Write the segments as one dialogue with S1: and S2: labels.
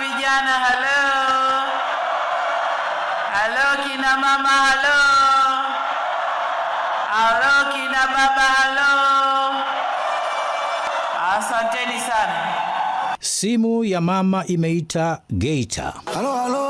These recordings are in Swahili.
S1: vijana halo, halo kina mama halo, halo kina baba halo. Asanteni sana.
S2: Simu ya mama imeita Geita. Halo, halo.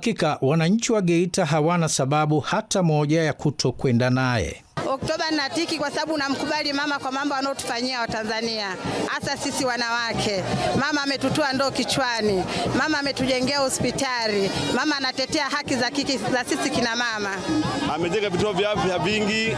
S2: Hakika wananchi wa Geita hawana sababu hata moja ya kutokwenda naye.
S3: Oktoba tiki kwa sababu namkubali mama kwa mambo anaotufanyia Watanzania, hasa sisi wanawake. Mama ametutua ndoo kichwani, mama ametujengea hospitali, mama anatetea haki za kiki za sisi kina mama.
S4: Amejenga vituo vya afya vingi,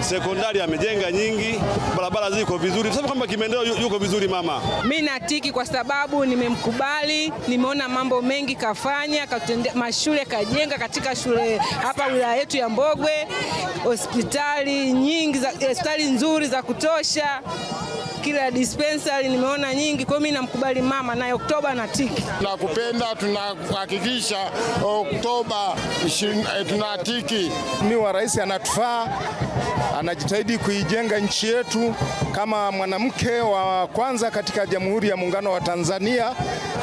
S4: sekondari amejenga nyingi, barabara ziko vizuri, tuseme kama kimaendeleo yuko vizuri mama.
S5: Mimi natiki kwa sababu nimemkubali, nimeona mambo mengi kafanya, katende, mashule kajenga katika shule hapa wilaya yetu ya Mbogwe hospitali stali nyingi za eh, stali nzuri za kutosha, kila dispensari nimeona nyingi. Kwa mimi namkubali mama, naye Oktoba na tiki.
S6: Tunakupenda, tunahakikisha Oktoba eh,
S7: Mimi wa Rais anatufaa, anajitahidi kuijenga nchi yetu kama mwanamke wa kwanza katika Jamhuri ya Muungano wa Tanzania.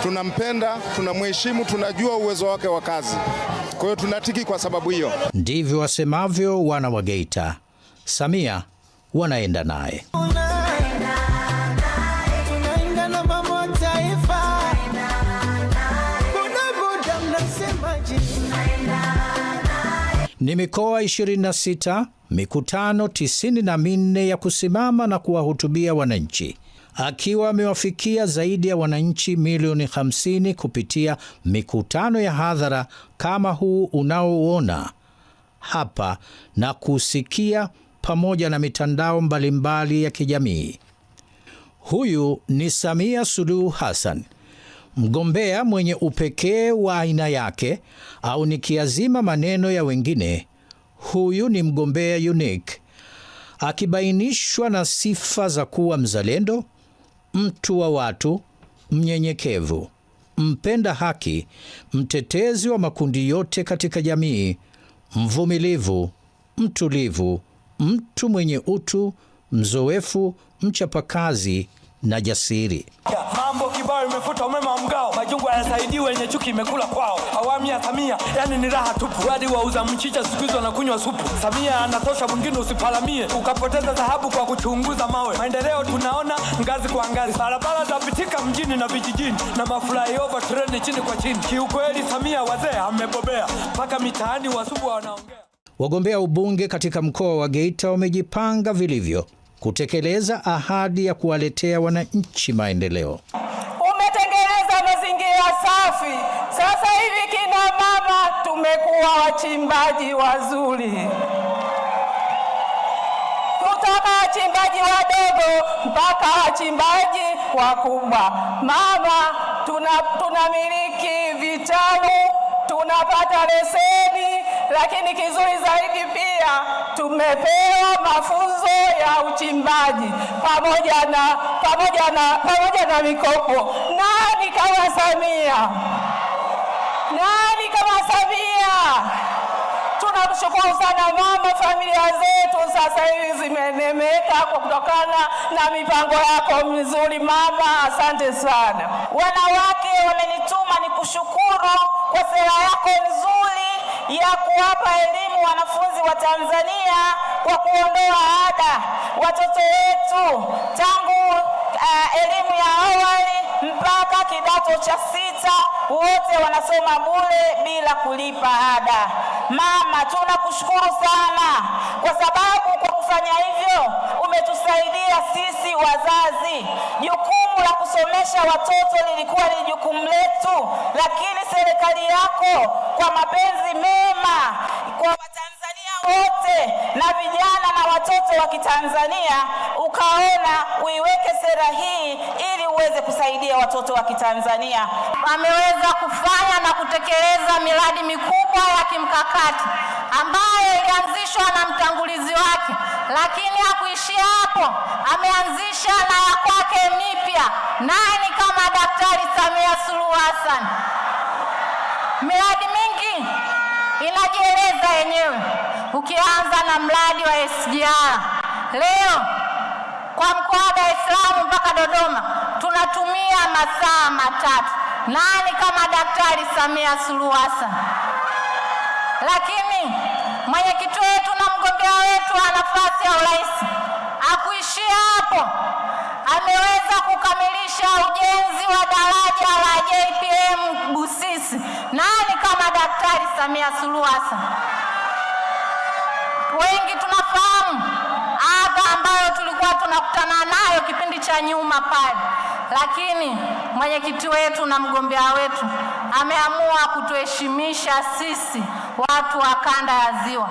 S7: Tunampenda, tunamheshimu, tunajua uwezo wake wa kazi. Kwa hiyo tunatiki kwa sababu hiyo.
S2: Ndivyo wasemavyo wana wa Geita. Samia wanaenda naye. Ni mikoa 26, mikutano 94 ya kusimama na kuwahutubia wananchi, akiwa amewafikia zaidi ya wananchi milioni 50 kupitia mikutano ya hadhara kama huu unaouona hapa na kusikia pamoja na mitandao mbalimbali ya kijamii. Huyu ni Samia Suluhu Hassan, mgombea mwenye upekee wa aina yake, au nikiazima maneno ya wengine, huyu ni mgombea unique, akibainishwa na sifa za kuwa mzalendo, mtu wa watu, mnyenyekevu, mpenda haki, mtetezi wa makundi yote katika jamii, mvumilivu, mtulivu mtu mwenye utu, mzoefu, mchapakazi na jasiri. Mambo kibao imefuta umeme wa mgao, majungu hayasaidii, wenye chuki imekula kwao. Awamu ya Samia yani ni raha tupu, hadi wauza mchicha siku hizi wanakunywa supu. Samia anatosha, mwingine usipalamie ukapoteza dhahabu kwa kuchunguza mawe. Maendeleo tunaona ngazi kwa ngazi, barabara zapitika mjini na vijijini, na maflyover treni chini kwa chini. Kiukweli Samia wazee amebobea, mpaka mitaani wasubwa wanaongea. Wagombea ubunge katika mkoa wa Geita wamejipanga vilivyo kutekeleza ahadi ya kuwaletea wananchi maendeleo.
S8: Umetengeneza mazingira safi, sasa hivi kina mama tumekuwa wachimbaji wazuri kutoka wachimbaji wadogo mpaka wachimbaji wakubwa. Mama tunamiliki tuna vitalu tunapata leseni lakini kizuri zaidi pia tumepewa mafunzo ya uchimbaji pamoja na, pamoja na, pamoja na mikopo. Nani kama Samia? Nani kama Samia? Tunamshukuru sana mama. Familia zetu sasa hivi zimenemeka kutokana na mipango yako mizuri mama, asante sana. Wanawake wamenituma nikushukuru kwa sera yako nzuri ya kuwapa elimu wanafunzi wa Tanzania kwa kuondoa ada. Watoto wetu tangu uh, elimu ya awali mpaka kidato cha sita wote wanasoma bure bila kulipa ada. Mama, tunakushukuru sana kwa sababu kwa kufanya hivyo umetusaidia sisi wazazi. Jukumu la kusomesha watoto lilikuwa ni jukumu letu, lakini serikali yako kwa mapenzi mema kwa Watanzania wote na vijana na watoto wa Kitanzania, ukaona uiweke sera hii ili uweze kusaidia watoto wa Kitanzania. Ameweza kufanya na kutekeleza miradi mikubwa ya kimkakati ambayo ilianzishwa na mtangulizi wake, lakini hakuishia hapo. Ameanzisha na ya kwake mipya, naye ni kama Daktari Samia Suluhu Hassan miradi inajieleza yenyewe, ukianza na mradi wa SGR leo kwa mkoa wa Dar es Salaam mpaka Dodoma tunatumia masaa matatu. Nani kama Daktari Samia Suluhu Hassan? Lakini mwenyekiti wetu na mgombea wetu wa nafasi ya urais akuishia hapo, ameweza JPM Busisi, nani kama Daktari Samia Suluhu Hassan? Wengi tunafahamu adha ambayo tulikuwa tunakutana nayo kipindi cha nyuma pale, lakini mwenyekiti wetu na mgombea wetu ameamua kutuheshimisha sisi watu wa kanda ya Ziwa.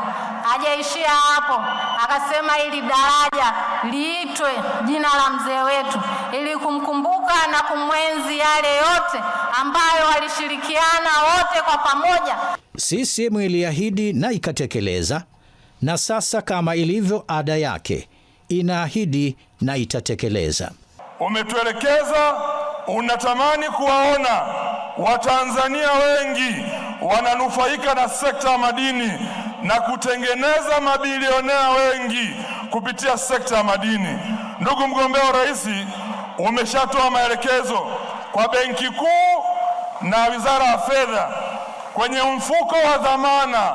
S8: Hajaishia hapo, akasema ili daraja liitwe jina la mzee wetu ili kumkumbuka na kumwenzi yale yote ambayo walishirikiana wote kwa pamoja.
S2: CCM iliahidi na ikatekeleza, na sasa kama ilivyo ada yake inaahidi na itatekeleza.
S9: Umetuelekeza, unatamani kuwaona Watanzania wengi wananufaika na sekta ya madini na kutengeneza mabilionea wengi kupitia sekta ya madini. Ndugu mgombea wa rais, umeshatoa maelekezo kwa Benki Kuu na Wizara ya Fedha kwenye mfuko wa dhamana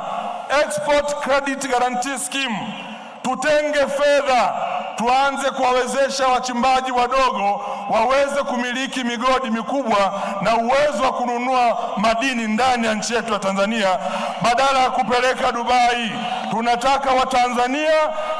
S9: Export Credit Guarantee Scheme, tutenge fedha tuanze kuwawezesha wachimbaji wadogo waweze kumiliki migodi mikubwa na uwezo wa kununua madini ndani ya nchi yetu ya Tanzania badala ya kupeleka Dubai. Tunataka Watanzania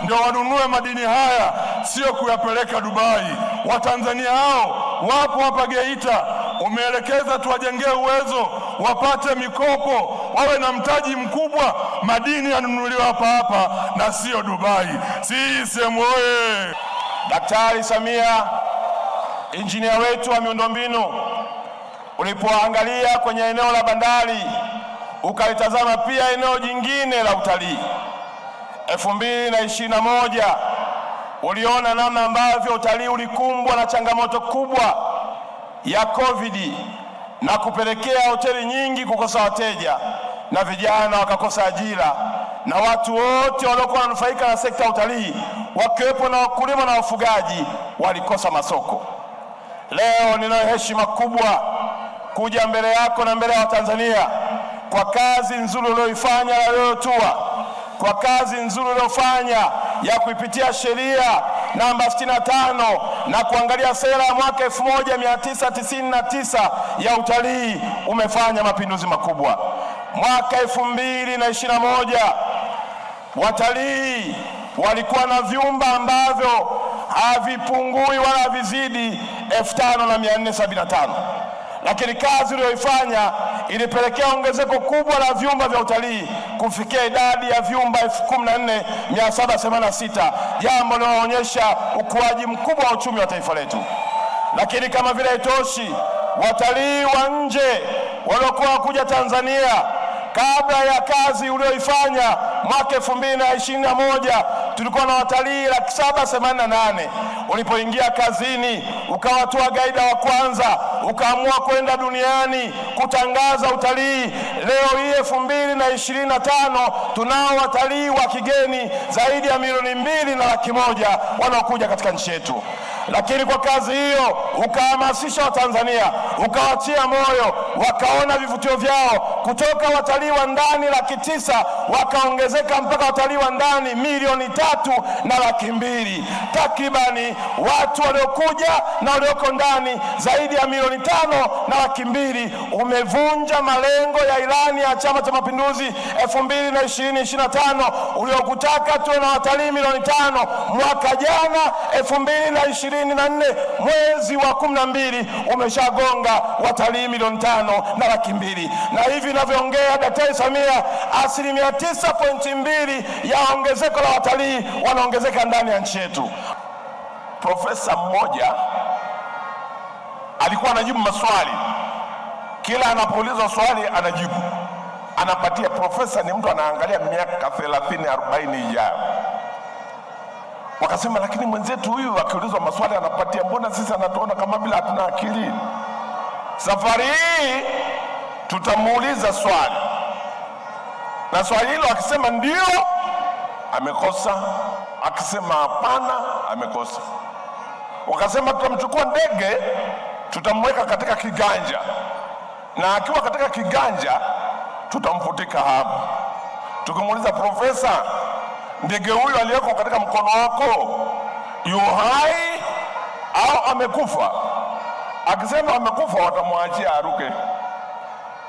S9: ndio wanunue madini haya, sio kuyapeleka Dubai. Watanzania hao wapo hapa Geita, umeelekeza tuwajengee uwezo, wapate mikopo, wawe na mtaji mkubwa, madini yanunuliwa hapa hapa na sio Dubai. Sisemu oye!
S10: Daktari Samia, injinia wetu wa miundombinu, ulipoangalia kwenye eneo la bandari ukalitazama pia eneo jingine la utalii elfu mbili na ishirini na moja uliona namna ambavyo utalii ulikumbwa na changamoto kubwa ya COVID na kupelekea hoteli nyingi kukosa wateja na vijana wakakosa ajira na watu wote waliokuwa wananufaika na sekta ya utalii wakiwepo na wakulima na wafugaji walikosa masoko. Leo ninayo heshima kubwa kuja mbele yako na mbele ya Watanzania kwa kazi nzuri uliyoifanya na uliyotua, kwa kazi nzuri uliyofanya ya kuipitia sheria namba 65 na kuangalia sera ya mwaka 1999 ya utalii umefanya mapinduzi makubwa. Mwaka 2021 watalii walikuwa na vyumba ambavyo havipungui wala havizidi 5475 lakini kazi uliyoifanya ilipelekea ongezeko kubwa la vyumba vya utalii kufikia idadi ya vyumba 14786 jambo linaloonyesha ukuaji mkubwa wa uchumi wa taifa letu. Lakini kama vile haitoshi, watalii wa nje waliokuwa kuja Tanzania kabla ya kazi ulioifanya mwaka elfu mbili na ishirini na moja tulikuwa na watalii laki saba themanini na nane. Ulipoingia kazini ukawatua gaida wa kwanza, ukaamua kwenda duniani kutangaza utalii. Leo hii elfu mbili na ishirini na tano tunao watalii wa kigeni zaidi ya milioni mbili na laki moja wanaokuja katika nchi yetu lakini kwa kazi hiyo ukahamasisha Watanzania, ukawatia moyo, wakaona vivutio vyao kutoka watalii wa ndani laki tisa wakaongezeka mpaka watalii wa ndani milioni tatu na laki mbili takribani watu waliokuja na walioko ndani zaidi ya milioni tano na laki mbili. Umevunja malengo ya ilani ya Chama cha Mapinduzi elfu mbili na ishirini ishirini na tano uliokutaka tuwe na watalii milioni tano mwaka jana elfu mbili na ishirini ishirini na nne mwezi wa kumi na mbili umeshagonga watalii milioni tano na laki mbili na hivi inavyoongea Daktari Samia, asilimia tisa pointi mbili ya ongezeko la watalii wanaongezeka ndani ya nchi yetu.
S11: Profesa mmoja alikuwa anajibu maswali, kila anapoulizwa swali anajibu, anapatia. Profesa ni mtu anaangalia miaka thelathini arobaini ijayo. Wakasema lakini mwenzetu huyu akiulizwa maswali anapatia, mbona sisi anatuona kama vile hatuna akili? Safari hii tutamuuliza swali, na swali hilo akisema ndio amekosa, akisema hapana amekosa. Wakasema tutamchukua ndege, tutamweka katika kiganja, na akiwa katika kiganja tutamfutika hapo, tukimuuliza profesa ndege huyo aliyeko katika mkono wako yu hai au amekufa? Akisema amekufa, watamwachia aruke,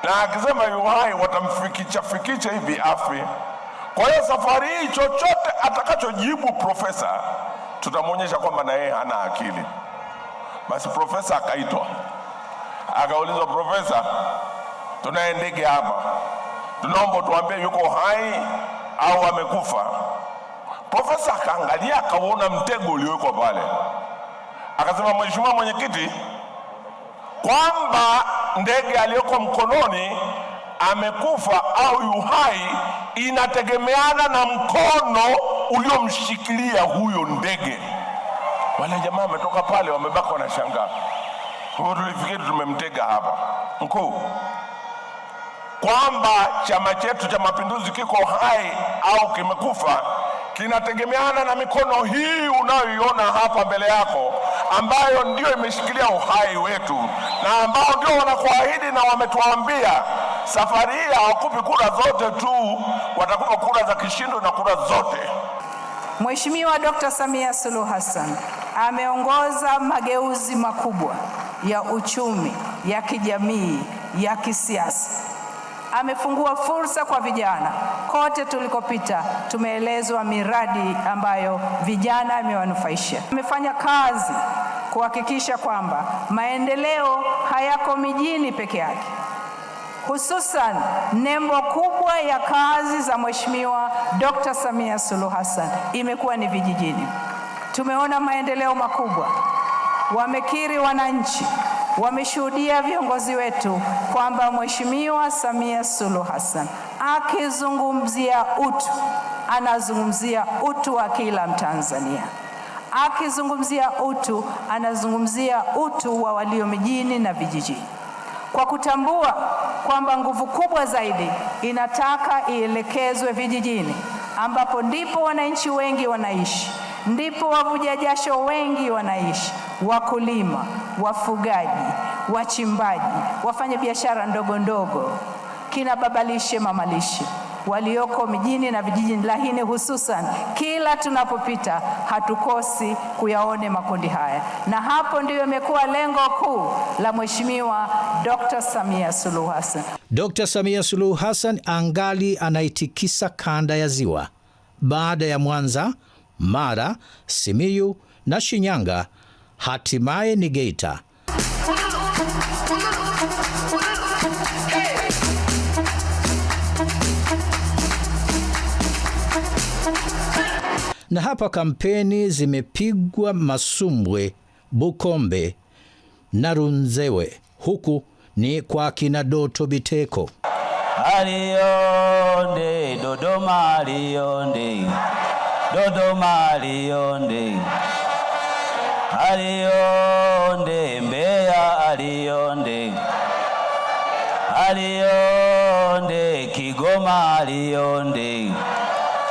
S11: na akisema yu hai, watamfikicha fikicha hivi afi. Kwa hiyo safari hii chochote atakachojibu profesa, tutamwonyesha kwamba na yeye hana akili. Basi profesa akaitwa, akaulizwa, profesa, tunaye ndege hapa, tunaomba tuambie yuko hai au amekufa? Profesa akaangalia akauona mtego uliowekwa pale, akasema, Mheshimiwa Mwenyekiti, kwamba ndege aliyoko mkononi amekufa au yuhai inategemeana na mkono uliomshikilia huyo ndege. Wale jamaa wametoka pale, wamebaka wanashangaa, huyo tulifikiri tumemtega hapa. Mkuu, kwamba chama chetu cha Mapinduzi kiko hai au kimekufa kinategemeana na mikono hii unayoiona hapa mbele yako, ambayo ndio imeshikilia uhai wetu na ambao ndio wanakuahidi na wametuambia safari hii hawakupi kura zote tu, watakupa kura za kishindo na kura zote.
S12: Mheshimiwa Dkt. Samia Suluhu Hassan ameongoza mageuzi makubwa ya uchumi, ya kijamii, ya kisiasa. Amefungua fursa kwa vijana kote tulikopita tumeelezwa miradi ambayo vijana imewanufaisha. Amefanya kazi kuhakikisha kwamba maendeleo hayako mijini peke yake, hususan nembo kubwa ya kazi za Mheshimiwa Dkt. Samia Suluhu Hassan imekuwa ni vijijini. Tumeona maendeleo makubwa, wamekiri wananchi wameshuhudia viongozi wetu kwamba Mheshimiwa Samia Suluhu Hassan akizungumzia utu, anazungumzia utu wa kila Mtanzania akizungumzia utu anazungumzia utu wa walio mijini na vijijini, kwa kutambua kwamba nguvu kubwa zaidi inataka ielekezwe vijijini, ambapo ndipo wananchi wengi wanaishi, ndipo wavuja jasho wengi wanaishi, wakulima wafugaji, wachimbaji, wafanya biashara ndogo ndogo, kina babalishe mamalishe walioko mijini na vijijini, lakini hususan kila tunapopita hatukosi kuyaone makundi haya, na hapo ndiyo imekuwa lengo kuu la Mheshimiwa Dr. Samia Suluhu Hassan.
S2: Dr. Samia Suluhu Hassan angali anaitikisa kanda ya Ziwa baada ya Mwanza, Mara, Simiyu na Shinyanga hatimaye ni Geita. Na hapa kampeni zimepigwa Masumbwe, Bukombe na Runzewe, huku ni kwa kina Doto Biteko.
S13: Alionde Dodoma, alionde Dodoma, alionde Alionde Mbeya, alionde alionde Kigoma, alionde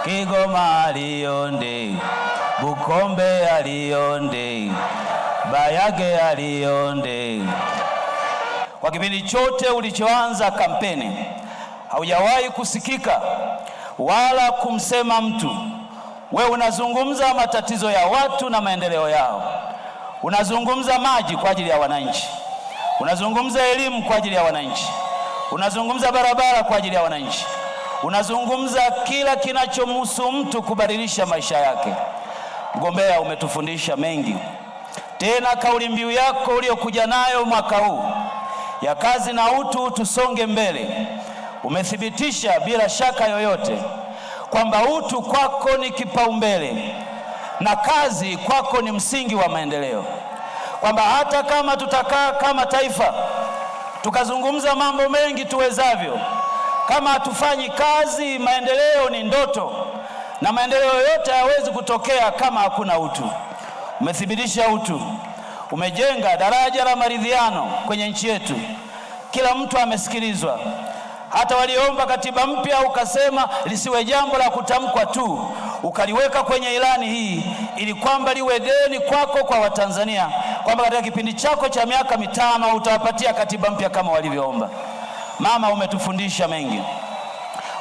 S13: Kigoma, alionde Bukombe, alionde Bayage, alionde.
S14: Kwa kipindi chote ulichoanza kampeni, haujawahi kusikika wala kumsema mtu. We unazungumza matatizo ya watu na maendeleo yao. Unazungumza maji kwa ajili ya wananchi, unazungumza elimu kwa ajili ya wananchi, unazungumza barabara kwa ajili ya wananchi, unazungumza kila kinachomhusu mtu kubadilisha maisha yake. Mgombea, umetufundisha mengi, tena kauli mbiu yako uliyokuja nayo mwaka huu ya kazi na utu, tusonge mbele, umethibitisha bila shaka yoyote kwamba utu kwako ni kipaumbele na kazi kwako ni msingi wa maendeleo, kwamba hata kama tutakaa kama taifa tukazungumza mambo mengi tuwezavyo, kama hatufanyi kazi, maendeleo ni ndoto, na maendeleo yote hayawezi kutokea kama hakuna utu. Umethibitisha utu, umejenga daraja la maridhiano kwenye nchi yetu, kila mtu amesikilizwa hata waliomba katiba mpya ukasema lisiwe jambo la kutamkwa tu, ukaliweka kwenye ilani hii ili kwamba liwe deni kwako kwa Watanzania, kwamba katika kipindi chako cha miaka mitano utawapatia katiba mpya kama walivyoomba. Mama, umetufundisha mengi,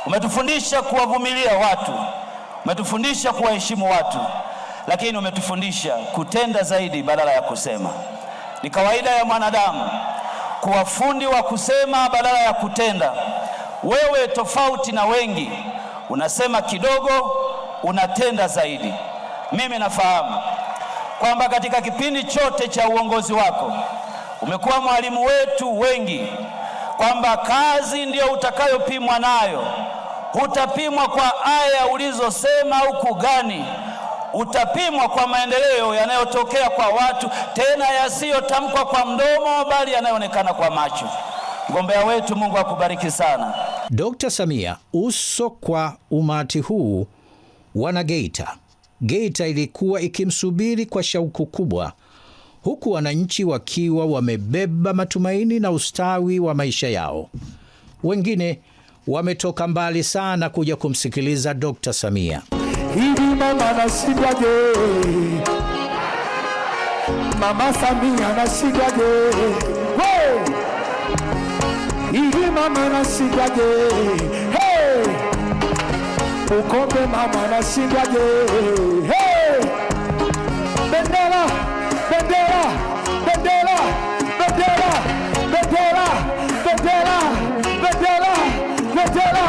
S14: umetufundisha kuwavumilia watu, umetufundisha kuwaheshimu watu, lakini umetufundisha kutenda zaidi badala ya kusema. Ni kawaida ya mwanadamu kuwa fundi wa kusema badala ya kutenda. Wewe tofauti na wengi, unasema kidogo, unatenda zaidi. Mimi nafahamu kwamba katika kipindi chote cha uongozi wako umekuwa mwalimu wetu wengi, kwamba kazi ndiyo utakayopimwa nayo. Hutapimwa kwa aya ulizosema huku gani utapimwa kwa maendeleo yanayotokea kwa watu, tena yasiyotamkwa kwa mdomo, bali yanayoonekana kwa macho. Mgombea wetu, Mungu akubariki sana.
S2: Dkt. Samia uso kwa umati huu wana Geita. Geita ilikuwa ikimsubiri kwa shauku kubwa, huku wananchi wakiwa wamebeba matumaini na ustawi wa maisha yao. Wengine wametoka mbali sana kuja kumsikiliza Dkt. Samia.
S15: Hili mama anashindwaje? Mama Samia Hey! mama nashindaje? Hey! Ukombe mama nashindaje? Hey! Bendera, bendera, bendera, bendera, bendera, bendera, bendera, bendera.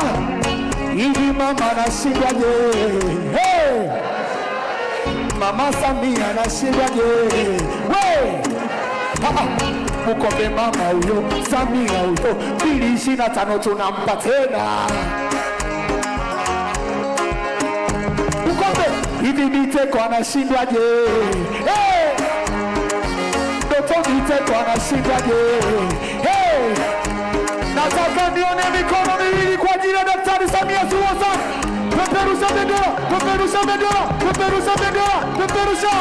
S15: Hivi mama nashindaje? Hey! Mama Samia nashindaje? Hey! Ah, ah. Bukobe mama huyo, Samia huyo, mbili ishirini na tano tunampa tena Bukobe. Hivi Biteko anashindwaje? Hey! Doto Biteko anashindwaje? Hey! Nataka nione mikono miwili kwa ajili ya Daktari Samia Suluhu Hassan. Peperusha bendera, peperusha bendera, peperusha bendera, peperusha.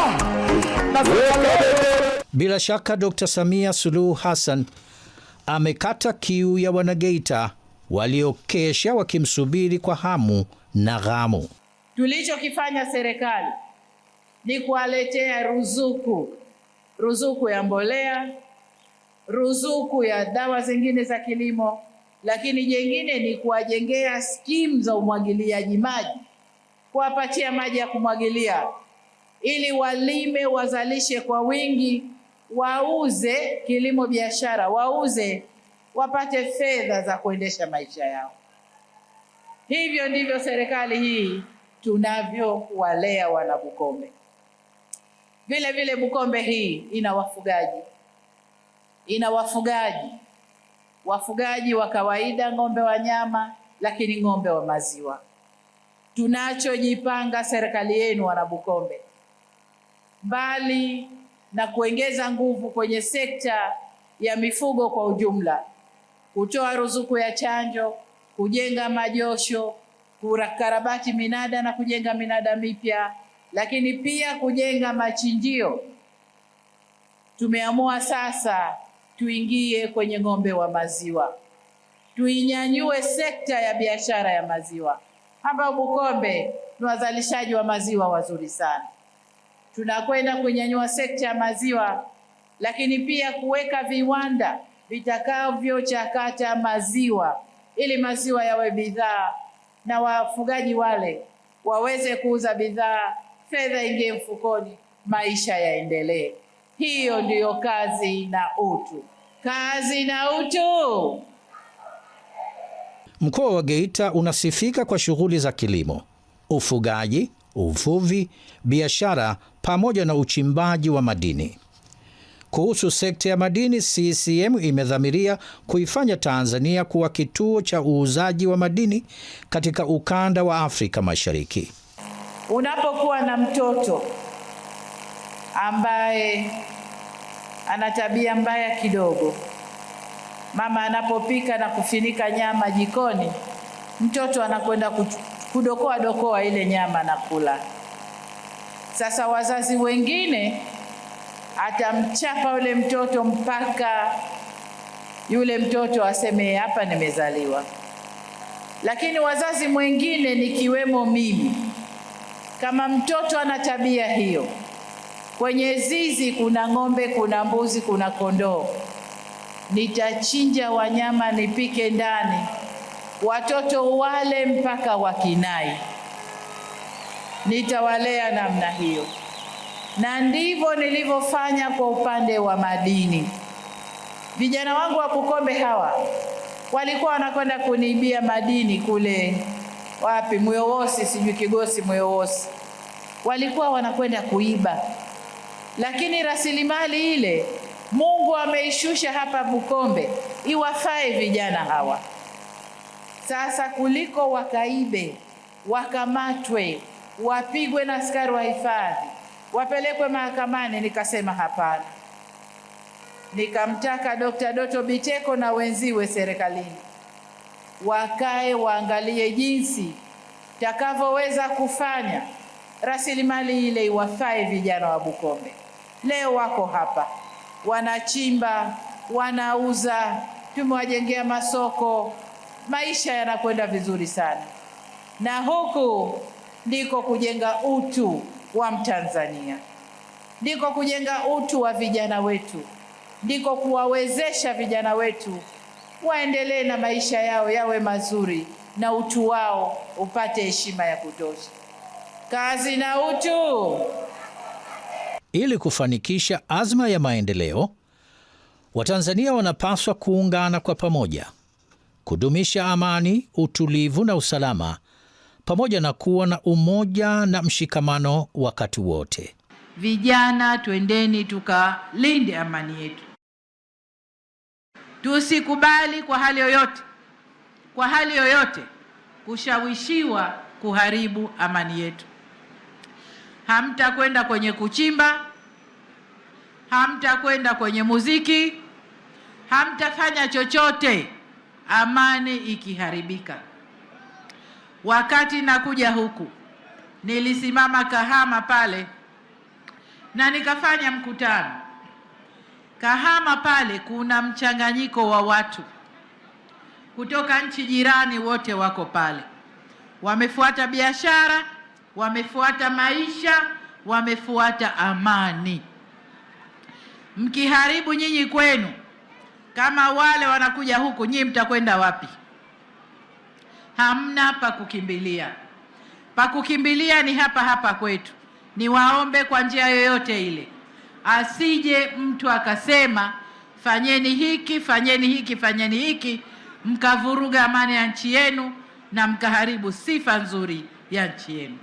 S15: Nataka
S2: bendera bila shaka Dr. Samia Suluhu Hassan amekata kiu ya Wanageita waliokesha wakimsubiri kwa hamu na ghamu.
S16: Tulichokifanya serikali ni kuwaletea ruzuku, ruzuku ya mbolea, ruzuku ya dawa zingine za kilimo, lakini jengine ni kuwajengea skimu za umwagiliaji maji, kuwapatia maji ya kumwagilia ili walime, wazalishe kwa wingi wauze kilimo biashara, wauze wapate fedha za kuendesha maisha yao. Hivyo ndivyo serikali hii tunavyowalea wana Bukombe. Vile vile Bukombe hii ina wafugaji, ina wafugaji, wafugaji wa kawaida, ng'ombe wa nyama, lakini ng'ombe wa maziwa. Tunachojipanga serikali yenu wana Bukombe, mbali na kuongeza nguvu kwenye sekta ya mifugo kwa ujumla, kutoa ruzuku ya chanjo, kujenga majosho, kukarabati minada na kujenga minada mipya, lakini pia kujenga machinjio. Tumeamua sasa tuingie kwenye ng'ombe wa maziwa, tuinyanyue sekta ya biashara ya maziwa. Hapa Bukombe ni wazalishaji wa maziwa wazuri sana tunakwenda kunyanyua sekta ya maziwa, lakini pia kuweka viwanda vitakavyochakata maziwa ili maziwa yawe bidhaa na wafugaji wale waweze kuuza bidhaa, fedha ingie mfukoni, maisha yaendelee. Hiyo ndiyo kazi na utu. Kazi na utu.
S2: Mkoa wa Geita unasifika kwa shughuli za kilimo, ufugaji, uvuvi, biashara pamoja na uchimbaji wa madini. Kuhusu sekta ya madini, CCM imedhamiria kuifanya Tanzania kuwa kituo cha uuzaji wa madini katika ukanda wa Afrika Mashariki.
S16: Unapokuwa na mtoto ambaye ana tabia mbaya kidogo, mama anapopika na kufinika nyama jikoni, mtoto anakwenda kudokoa dokoa ile nyama na kula. Sasa wazazi wengine atamchapa yule mtoto mpaka yule mtoto aseme hapa nimezaliwa. Lakini wazazi mwengine nikiwemo mimi, kama mtoto ana tabia hiyo, kwenye zizi kuna ng'ombe, kuna mbuzi, kuna kondoo, nitachinja wanyama nipike ndani, watoto wale mpaka wakinai nitawalea namna hiyo, na ndivyo nilivyofanya kwa upande wa madini. Vijana wangu wa Bukombe hawa walikuwa wanakwenda kuniibia madini kule wapi, Myowosi sijui Kigosi, Myowosi walikuwa wanakwenda kuiba, lakini rasilimali ile Mungu ameishusha hapa Bukombe iwafae vijana hawa. Sasa kuliko wakaibe, wakamatwe wapigwe na askari wa hifadhi, wapelekwe mahakamani. Nikasema hapana, nikamtaka Dkt. Doto Biteko na wenziwe serikalini wakae waangalie jinsi takavyoweza kufanya rasilimali ile iwafae vijana wa Bukombe. Leo wako hapa wanachimba, wanauza, tumewajengea masoko, maisha yanakwenda vizuri sana na huku ndiko kujenga utu wa Mtanzania, ndiko kujenga utu wa vijana wetu, ndiko kuwawezesha vijana wetu waendelee na maisha yao yawe mazuri na utu wao upate heshima ya kutosha. Kazi na utu.
S2: Ili kufanikisha azma ya maendeleo, Watanzania wanapaswa kuungana kwa pamoja, kudumisha amani, utulivu na usalama pamoja na kuwa na umoja na mshikamano wakati wote.
S17: Vijana, twendeni tukalinde amani yetu, tusikubali kwa hali yoyote, kwa hali yoyote kushawishiwa kuharibu amani yetu. Hamtakwenda kwenye kuchimba, hamtakwenda kwenye muziki, hamtafanya chochote amani ikiharibika. Wakati nakuja huku nilisimama Kahama pale na nikafanya mkutano Kahama pale. Kuna mchanganyiko wa watu kutoka nchi jirani, wote wako pale, wamefuata biashara, wamefuata maisha, wamefuata amani. Mkiharibu nyinyi kwenu, kama wale wanakuja huku, nyinyi mtakwenda wapi? hamna pa kukimbilia. Pa kukimbilia ni hapa hapa kwetu. Niwaombe kwa njia yoyote ile, asije mtu akasema fanyeni hiki fanyeni hiki fanyeni hiki, mkavuruga amani ya nchi yenu na mkaharibu sifa nzuri ya nchi yenu.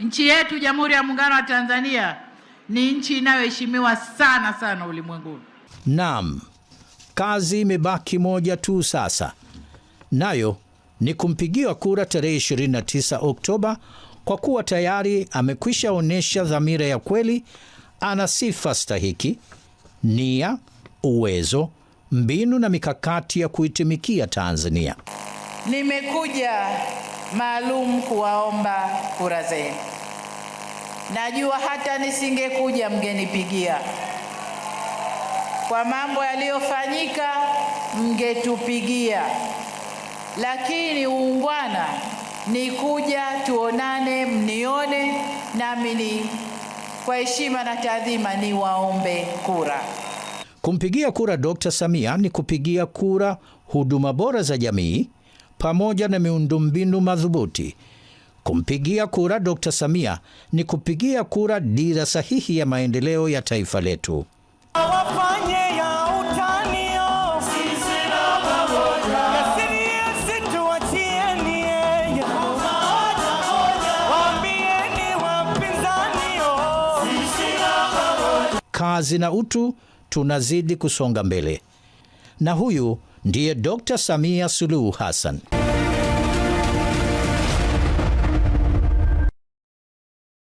S17: Nchi yetu Jamhuri ya Muungano wa Tanzania ni nchi inayoheshimiwa sana sana ulimwenguni.
S2: Naam, kazi imebaki moja tu sasa, nayo ni kumpigiwa kura tarehe 29 Oktoba kwa kuwa tayari amekwisha onyesha dhamira ya kweli. Ana sifa stahiki, nia, uwezo, mbinu na mikakati ya kuitumikia Tanzania.
S16: Nimekuja maalum kuwaomba kura zenu. Najua hata nisingekuja mgenipigia. Kwa mambo yaliyofanyika, mgetupigia lakini uungwana ni kuja tuonane, mnione nami ni kwa heshima na taadhima ni waombe kura.
S2: Kumpigia kura Dkt. Samia ni kupigia kura huduma bora za jamii pamoja na miundombinu madhubuti. Kumpigia kura Dkt. Samia ni kupigia kura dira sahihi ya maendeleo ya taifa letu. kazi na utu, tunazidi kusonga mbele. Na huyu ndiye Dr. Samia Suluhu Hassan.